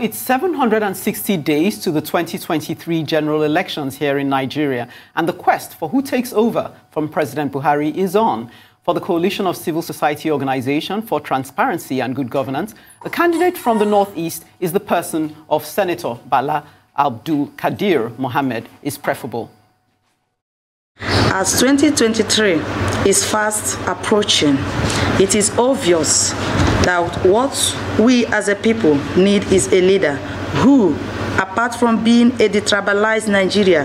It's 760 days to the 2023 general elections here in Nigeria, and the quest for who takes over from President Buhari is on. For the Coalition of Civil Society Organization for Transparency and Good Governance, a candidate from the Northeast is the person of Senator Bala Abdul Kadir Mohammed is preferable. As 2023 is fast approaching, it is obvious that what we as a people need is a leader who, apart from being a detribalized Nigeria,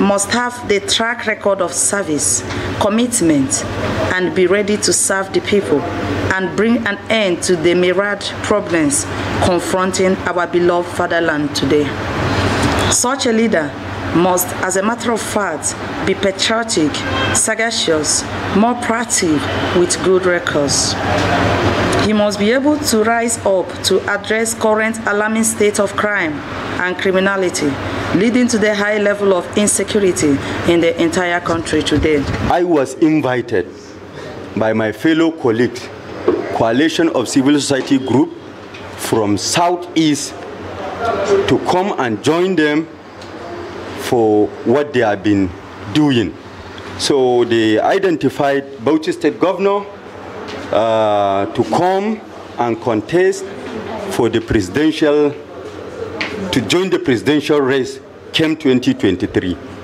must have the track record of service, commitment, and be ready to serve the people and bring an end to the myriad problems confronting our beloved fatherland today. Such a leader must, as a matter of fact, be patriotic, sagacious, more proactive with good records. He must be able to rise up to address current alarming state of crime and criminality, leading to the high level of insecurity in the entire country today. I was invited by my fellow colleagues, coalition of civil society group from southeast to come and join them for what they have been doing. So they identified Bauchi State Governor uh, to come and contest for the presidential, to join the presidential race came 2023.